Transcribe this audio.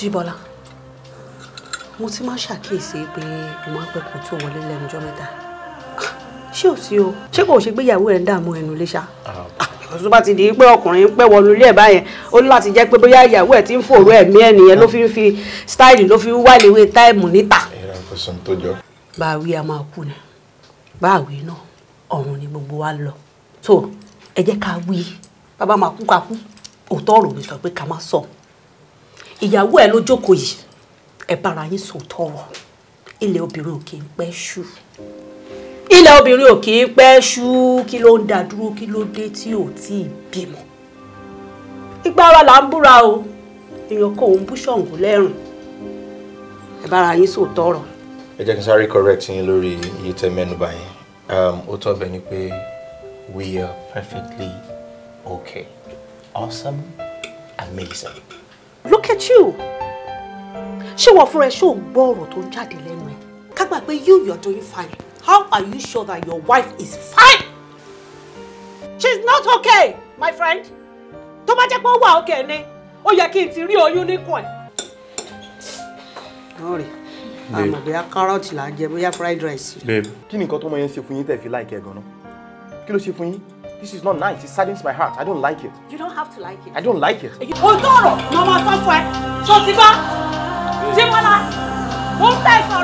Jíbọ́lá mo ti máa ń ṣàkíyèsí pé mo máa pẹ́ kó tó wọlé lẹ́nu ọjọ́ mẹ́ta ṣé ò sí o ṣé kò ṣe gbéyàwó ẹ̀ ń dààmú ẹnu lé ṣá ah, ah, tó bá ti di pé ọkùnrin pẹ́ wọnú ilé ẹ̀ báyẹn ó ní láti jẹ́ pé bóyá ìyàwó ẹ̀ ti ń fòrò ẹ̀mí ẹ̀ nìyẹn ló fi ń fi stáìlì ló fi ń wáléwé táìmù níta. báwí a máa kú ni báwí náà ọ̀run ni gbogbo wa lọ tó ẹ jẹ́ ká wí bàbá máa kú ká kú òótọ́ ọ̀rọ̀ mi sọ pé ká má sọ̀rọ̀ ìyàwó ẹ ló jókòó yìí ẹ bára yín sòótọ́ ọ ilẹ̀ obìnrin ò kì í pẹ́ ṣú ilẹ̀ obìnrin ò kì í pẹ́ ṣú kí ló ń dá kí ló dé tí ò tí ì bímọ ìgbà wa là ń búra o èèyàn kò ń bú ṣọ̀ǹgù lẹ́rùn ẹ bára yín sòótọ́ ọ̀rọ̀. ẹ jẹ́ kí n sáré correct yín lórí iye tẹ́ mẹ́nubà yẹn um, ó tọ́ bẹ́ẹ̀ ni pé we are perfectly okay awesome amazing at you ṣé wọ́n fúnra ẹ ṣó ń gbọ́ ọ̀rọ̀ tó ń jáde lẹ́nu ẹ̀ ká gbà pé you are doing fine how are you sure that your wife is fine she's not okay my friend tó bá jẹ́ pé ó wà òkè ni ó yẹ kí n ti rí oyún níkùn ẹ̀. ọ̀rẹ́ àmọ̀ bóyá kárọ̀tì là ń jẹ bóyá fried rice. kí ni nǹkan tó mọ yẹn ń ṣe fún yín tẹ̀ fi láìkẹ́ gan-an kí ló ṣe fún yín This is not nice. It saddens my heart. I don't like it. You don't have to like it. I don't like it. Òótọ́ no! ni ọmọ sọ́fọ́ ẹ̀. Ṣọ̀tìbá, Jímọ́lá, ó ń tẹ̀sán.